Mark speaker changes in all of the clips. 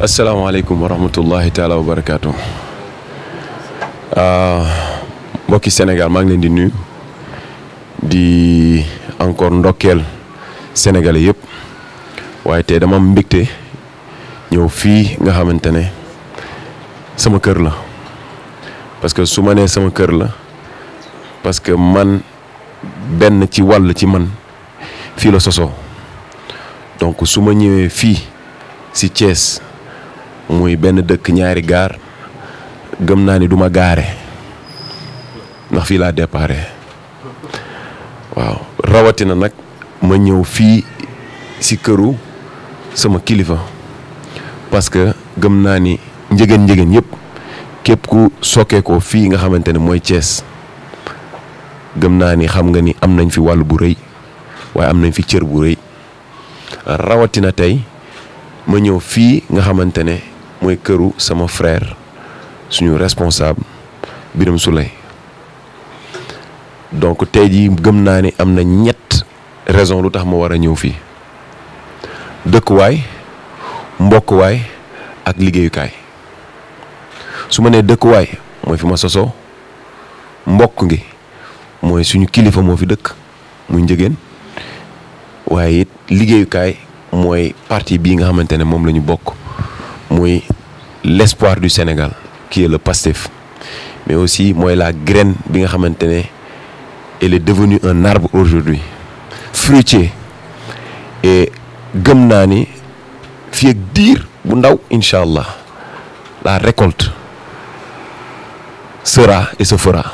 Speaker 1: asalaamaaleykum wa rahmatullahi taala wa barakaatu ah, mbokki Sénégal maa ngi leen di nuyu di encore ndokkeel sénégalais yépp waaye tey dama am ñëw fii nga xamante ne sama kër la parce que su ma nee sama kër la parce que man benn ci wàll ci man fii la sosoo donc su ma ñëwee fii si Thiès. muy benn dëkk ñaari gaar gëm naa ni duma gaare ndax fii laa déparé waaw rawatina nag ma ñëw fii si këru sama kilifa parce que gëm naa ni njëgën njëgën yëpp képp ku sokkee ko fii nga xamante ne mooy Thiès gëm naa ni xam nga ni am nañ fi wàll bu rëy waaye am nañ fi cër bu rëy rawatina tey ma ñëw fii nga xamante ne. mooy këru sama frère suñu responsable Birame Souleye donc tey jii gëm naa ni am na ñett raison lu tax ma war a ñëw fii dëkkuwaay mbokkuwaay ak liggéeyukaay su ma nee dëkkuwaay mooy fi ma sosoo mbokk ngi mooy suñu kilifa moo fi dëkk muy njëgeen waaye it liggéeyukaay mooy parti bii nga xamante ne moom la ñu bokk muy l'espoir du Sénégal qui est le PASTEF mais aussi mooy la graine bi nga xamante ne elle est devenue un arbre aujourd'hui fruitier et gëm naa ni fii ak diir bu ndaw incha allah la récolte sera et se fera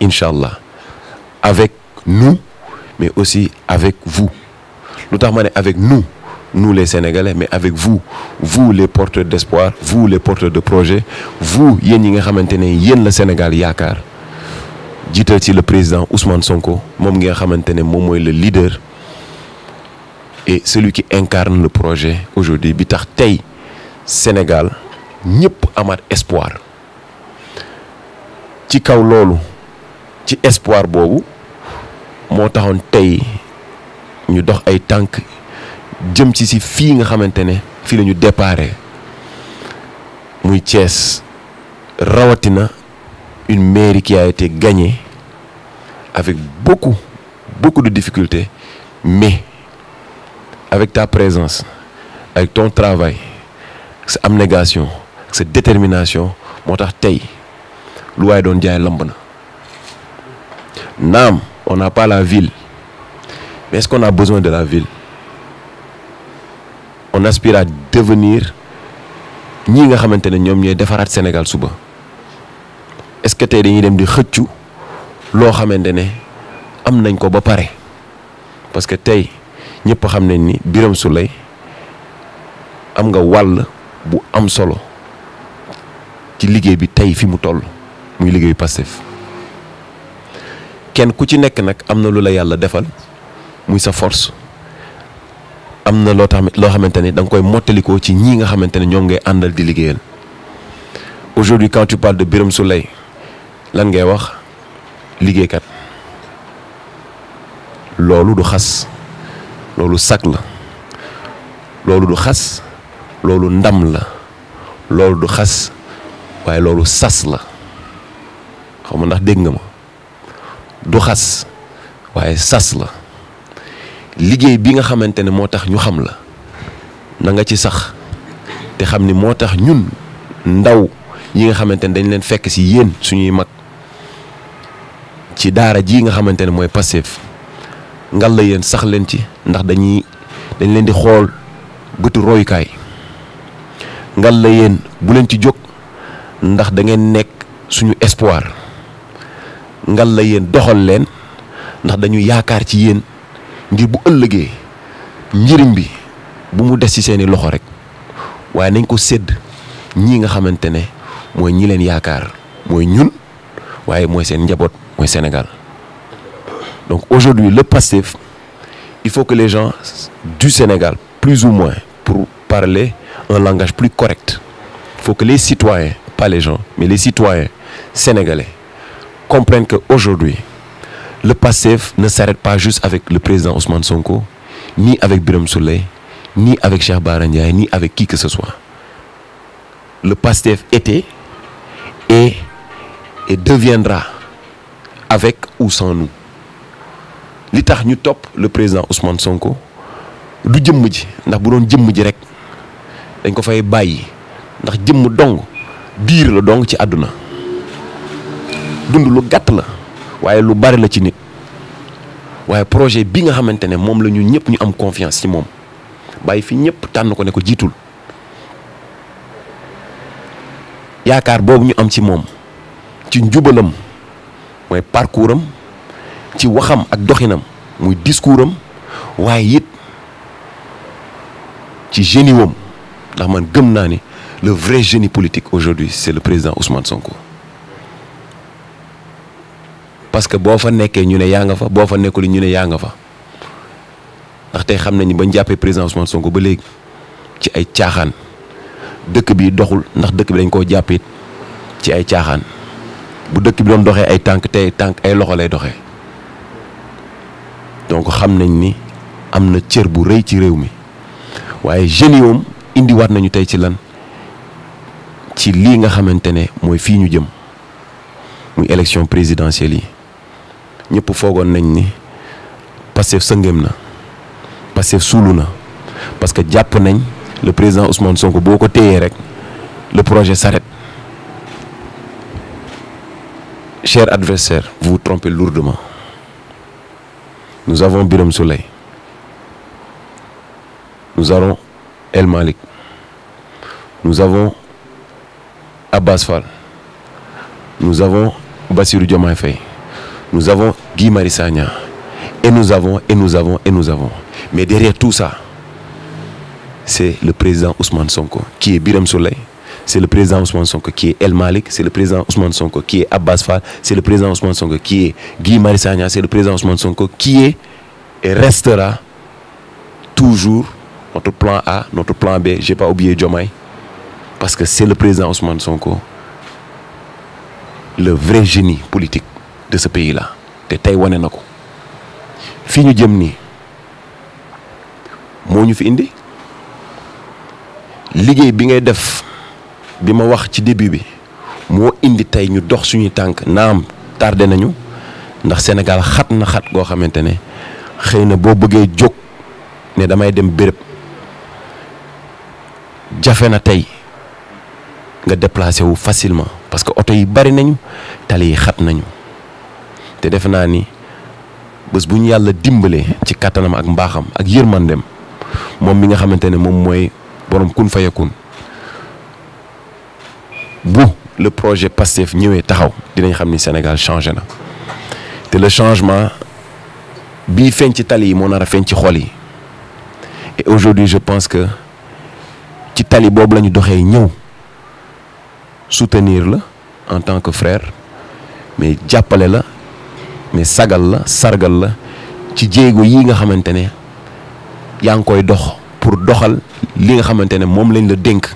Speaker 1: incha allah avec nous mais aussi avec vous lu tax ma ne avec nous nous les Sénégalais mais avec vous vous les porteurs d'espoir vous les porteurs de projet vous yéen ñi nga xamante ne yéen la Sénégal yaakaar jiital ci le président Ousmane Sonko moom nga xamante ne moom mooy le leader et celui qui incarne le projet aujourd'hui bi tax tey Sénégal ñëpp amaat espoir ci kaw loolu ci espoir boobu moo taxoon tey ñu dox ay tànk jëm ci si fii nga xamante ne fii la ñu déparé muy Thiès rawatina une mairie qui a été gagnée avec beaucoup beaucoup de difficultés mais avec ta présence avec ton travail sa abnégation sa détermination moo tax tey lu waaye doon jaay lamb na naam on n'a pas la ville mais est-ce qu'on a besoin de la ville on aspire à devenir ñii nga xamante ne ñoom ñooy defaraat Sénégal suba est-ce que dañuy dem di xëccu loo xamante ne am nañ ko ba pare parce que tey ñëpp xam nañ ni Birame Souleye am nga wàll bu am solo ci liggéey bi tey fi mu toll muy liggéeyu Pastef kenn ku ci nekk nag am na lu la yàlla defal muy sa force am na loo tax loo xamante ni danga koy mottalikoo ci ñii nga xamante ne ñoom ngay àndal di liggéeyal aujourd'hui quand tu parles de Birame Souleye lan ngay wax liggéeykat loolu du xas loolu sag la loolu du xas loolu ndam la loolu du xas waaye loolu sas la xaw ma ndax dégg nga ma du xas waaye sas la liggéey bi nga xamante ne moo tax ñu xam la na nga ci sax te xam ni moo tax ñun ndaw yi nga xamante ne dañ leen fekk si yéen suñuy mag ci daara ji nga xamante ne mooy Pastef ngal la yéen sax leen ci ndax dañuy dañ leen di xool bëtu royukaay ngal la yéen bu leen ci jóg ndax dangeen nekk suñu espoir ngal la yéen doxal leen ndax dañu yaakaar ci yéen. ngir bu ëllëgee njëriñ bi bu mu des ci seeni loxo rek waaye nañ ko sedd ñii nga xamante ne mooy ñi leen yaakaar mooy ñun waaye mooy seen njaboot mooy Sénégal donc aujourd'hui le Pastef il faut que les gens du Sénégal plus ou moins pour parler un langage plus correct il faut que les citoyens pas les gens mais les citoyens sénégalais comprennent que aujourd'hui le PASTEF ne s'arrête pas juste avec le président Ousmane Sonko ni avec biram Souleye ni avec Cheikh Bara Ndiaye ni avec qui que ce soit le PASTEF était et et deviendra avec ou sans li tax ñu topp le président Ousmane Sonko du jëmm ji ndax bu doon jëmm ji rek dañ ko fay bàyyi ndax jëmm dong biir la dong ci àdduna dund lu gàtt la. waaye lu bari la ci nit waaye projet bi nga xamante ne moom la ñu ñëpp ñu am confiance ci moom bàyyi fi ñëpp tànn ko ne ko jiitul yaakaar boobu ñu am ci moom ci njubalam mooy parcours am ci waxam ak doxinam muy discours am waaye yit ci génie wam ndax man gëm naa ni le vrai génie politique aujourd'hui c'est le président Ousmane Sonko. parce que boo fa nekkee ñu ne yaa nga fa boo fa nekkul ñu ne yaa nga fa ndax tey xam nañu bañ jàppee président Ousmane Sonko ba léegi ci ay caaxaan dëkk bi doxul ndax dëkk bi dañ koo jàppit ci ay caaxaan bu dëkk bi doon doxee ay tànk tey tànk ay loxo lay doxee donc xam nañ ni am na cër bu rëy ci réew mi waaye jeunes yi moom indiwaat nañu tey ci lan ci lii nga xamante ne mooy fii ñu jëm muy élection présidentielle yi. ñëpp foogoon nañ ni Pastef sëngéem na Pastef suulu na parce que jàpp nañ le président Ousmane Sonko boo ko téyee rek le projet s'arrête cher adversaire vous vous trompez lourdement nous avons Birame Souleye nous avons El Malick nous avons Abbas Fall nous avons Bassirou Diomaye Faye nous avons Guy Marius Sagna et nous avons et nous avons mais derrière tout ça c'est le président Ousmane Sonko qui est Birame Souleye c'est le président Ousmane Sonko qui est El Malick c'est le président Ousmane Sonko qui est Abbas Fall c'est le président Ousmane Sonko qui est Guy Marius Sagna c'est le président Ousmane Sonko qui est et restera toujours notre plan A notre plan B j'ai pas oublié Diomaye parce que c'est le président Ousmane Sonko le vrai génie politique de ce te tey wane na ko fii ñu jëm ni moo ñu fi indi liggéey bi ngay def bi ma wax ci début bi moo indi tey ñu dox suñuy tànk naam tardé nañu ndax Sénégal xat na xat goo xamante ne xëy na boo bëggee jóg ne damay dem béréb jafe na tey nga déplacé wu facilement parce que oto yi bari nañu tali yi xat nañu. te defe naa ni bés bu ñu yàlla dimbalee ci kattanam ak mbaaxam ak dem moom mi nga xamante ne moom mooy borom kun fayakun bu le projet PASTEF ñëwee taxaw dinañ xam ni Sénégal changé na te le changement bii feeñ ci tali yi moo nar a feeñ ci xol yi et aujourd'hui je pense que ci tali boobu lañu doxee ñëw soutenir la en tant que frère mais jàppale la mais sagal la sargal la ci jéego yi nga xamante ne yaa ngi koy dox pour doxal li nga xamante ne moom lañ la dénk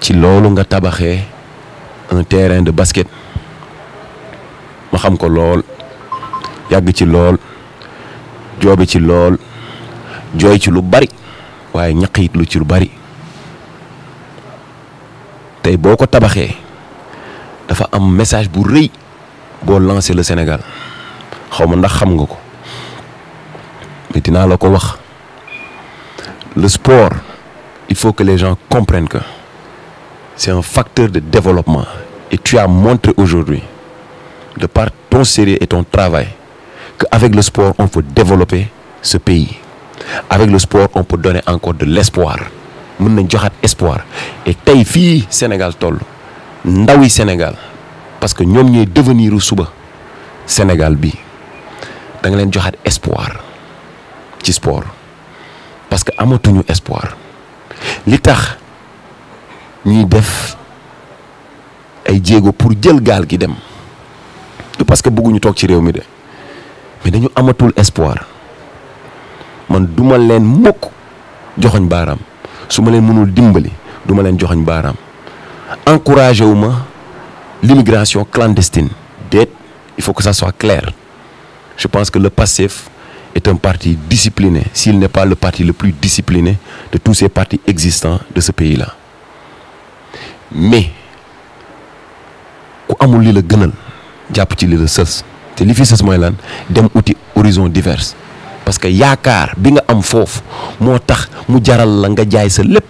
Speaker 1: ci loolu nga tabaxee un terrain de basket ma xam ko lool yàgg ci lool joobe ci lool jooy ci lu bari waaye ñaq it lu ci lu bari tey boo ko tabaxee. dafa am message bu rëy boo lancé le Sénégal xaw ma ndax xam nga ko mais dinaa la ko wax le sport il faut que les gens comprennent que c'est un facteur de développement et tu as montré aujourd'hui de par ton sérieux et ton travail qu'avec le sport on peut développer ce pays avec le sport on peut donner encore de l'espoir mën nañ joxaat espoir et tey fii Sénégal toll ndaw yi Sénégal parce que ñoom ñooy devenir suba Sénégal bi danga leen joxaat espoir ci sport parce que amatuñu espoir li tax ñuy def ay jéego pour jël gaal gi dem du parce que bëgguñu toog ci réew mi de mais dañu amatul espoir man duma leen mukk joxoñ baaraam su ma leen mënul dimbali duma leen joxoñ baaraam encouragé wu ma l'immigration clandestine déet il faut que ça soit clair je pense que le PASTEF est un parti discipliné s'il n'est pas le parti le plus discipliné de tous ces partis existants de ce pays la mais ku amul li la gënal jàpp ci li la sës te li fi sës mooy lan dem uti horizon divers parce que yaakaar bi nga am foofu moo tax mu jaral la nga jaay sa lépp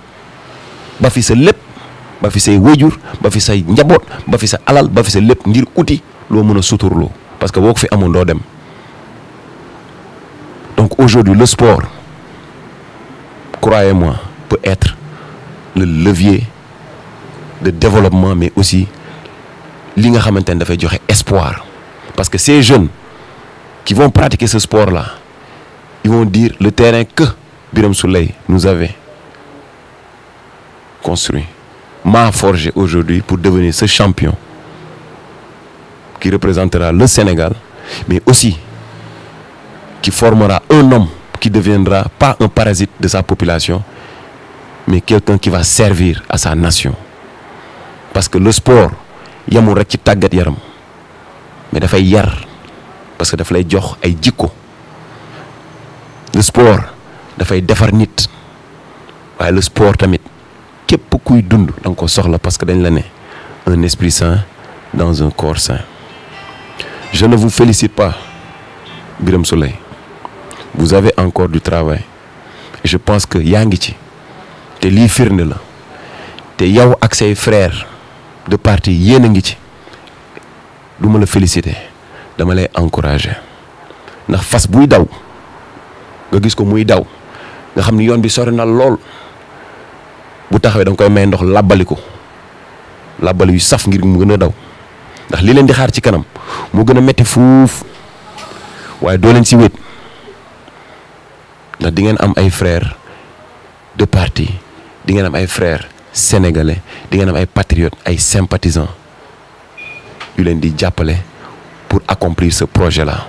Speaker 1: ba fi sa lépp ba fi say wëjur ba fi say njaboot ba fi sa alal ba fi sa lépp ngir uti loo mën a suturloo parce que boo ko fi amoon doo dem donc aujourd'hui le sport croyez-moi peut être le levier de développement mais aussi li nga xamante ne dafay joxe espoir parce que ces jeunes qui vont pratiquer ce sport là ils vont dire le terrain que Birame Souleye nous avait m'a forgé aujourd'hui pour devenir ce champion qui représentera le Sénégal, mais aussi qui formera un homme qui deviendra pas un parasite de sa population, mais quelqu'un qui va servir à sa nation. Parce que le sport, yamul rek ci tàggat yaram mais dafay yar parce que daf lay jox ay jikko le sport dafay defar nit waaye le sport tamit képp kuy dund da ko soxla parce que dañ la ne un esprit sain dans un corps sain je ne vous félicite pas biram Souleye vous avez encore du travail je pense que yaa ngi ci te lii firnde la te yow ak say frères de partie yéen a ngi ci du ma la féliciter dama lay encourager ndax fas buy daw nga gis ko muy daw nga xam ni yoon bi sori na lool. bu taxawee da koy may ndox làbbali ko làbbali yu saf ngir mu gën a daw ndax li leen di xaar ci kanam moo gën a metti fuuf waaye doo leen si wéet ndax di ngeen am ay frères de parti di ngeen am ay frères sénégalais di ngeen am ay patriotes ay sympathisants yu leen di jàppale pour accomplir ce projet là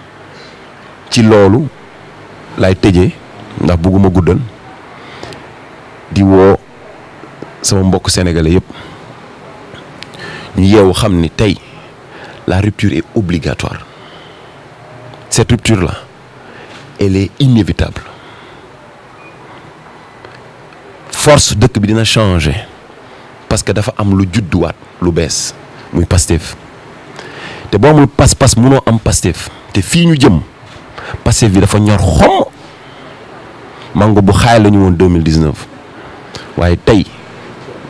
Speaker 1: ci loolu laay tëjee ndax bugguma guddal di woo sama mbokk sénégalais yëpp ñu yeewu xam ni tey la rupture est obligatoire cette rupture là elle inévitable force dëkk bi dina changer parce que dafa am lu judduwaat lu bees muy Pastef te boo amul pas-pas munoo am Pastef te fii ñu jëm Pastef bi dafa ñor xom mango bu xaay la ñu woon 2019 waaye tey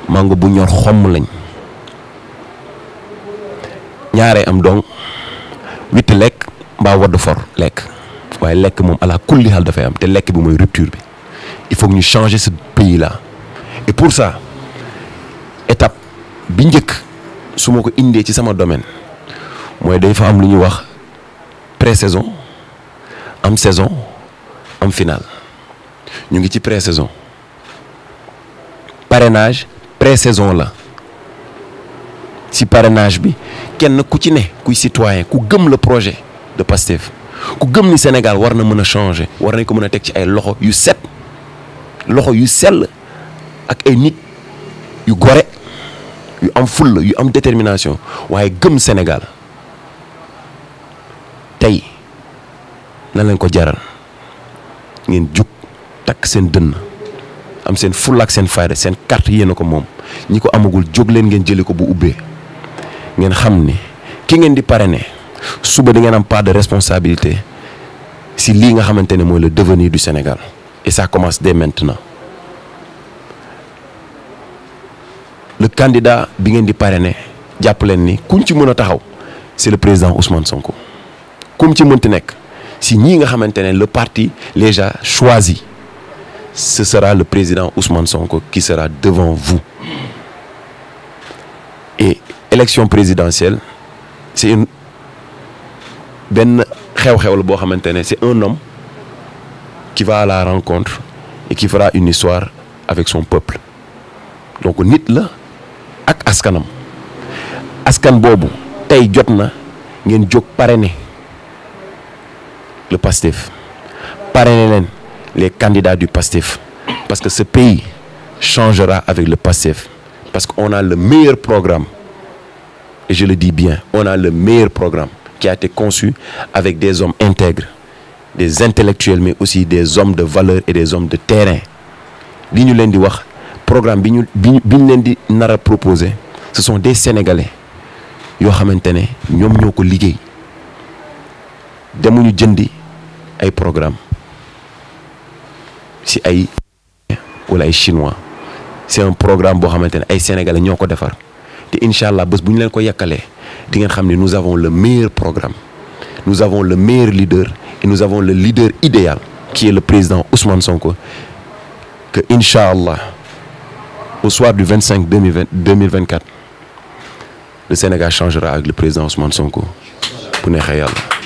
Speaker 1: mango bu ñor xomm lañ ñaaree am donc witti lekk mbaa wadd for lekk waaye lekk moom ala kulli xaal dafay am te lekk bi mooy rupture bi il faut ñu changer ce pays là pour ça étape bi njëkk su ma ko indee ci sama domaine mooy day fa am lu ñu wax pré-saison am saison am finale ñu ngi ci pré-saison pré-saison la ci parrainage bi kenn ku ci ne kuy citoyen ku gëm la projet de Pastef ku gëm ni Sénégal war na mën a changé war nañ ko mën a teg ci ay loxo yu set loxo yu sel ak ay nit yu gore yu am fulla yu am détermination waaye gëm Sénégal tey na leen ko jaral ngeen jug takk seen dënn am seen fulla ak seen fayda seen carte yéen ko moom ñi ko amagul jóg leen ngeen jëli ko bu ubbee ngeen xam ni ki ngeen di parrainer suba di ngeen am part de responsabilité si lii nga xamante ne mooy la devenir du Sénégal et ça commence dès maintenant le candidat bi ngeen di parrainer jàpp leen ni kuñ ci mën a taxaw c'est le président Ousmane Sonko kum ci mënti nekk si ñii nga xamante ne le parti déjà choisi ce sera le président Ousmane Sonko qui sera devant vous. Et élection présidentielle, c'est une ben c'est un homme qui va à la rencontre et qui fera une histoire avec son peuple. Donc nit la ak askanam. Askan bobu tay na ngeen jog parrainer le Pastef. Parrainer len les candidats du PASTEF. Parce que ce pays changera avec le PASTEF. Parce qu'on a le meilleur programme. Et je le dis bien, on a le meilleur programme qui a été conçu avec des hommes intègres, des intellectuels, mais aussi des hommes de valeur et des hommes de terrain. Li ñu leen di wax programme bi ñu bi ñu leen di nar a proposé ce sont des Sénégalais yoo xamante ne ñoom ñoo ko liggéey demuñu jëndi ay programme si ay wala ay chinois c'est un programme boo xamante ne ay sénégalais ñoo ko defar te incha allah bés bu ñu leen ko yàkkalee di ngeen xam ne nous avons le meilleur programme nous avons le meilleur leader et nous avons le leader idéal qui est le président Ousmane Sonko que incha allah au soir du 25 2020 2024 le Sénégal changera avec le président Ousmane Sonko bu neexee yàlla.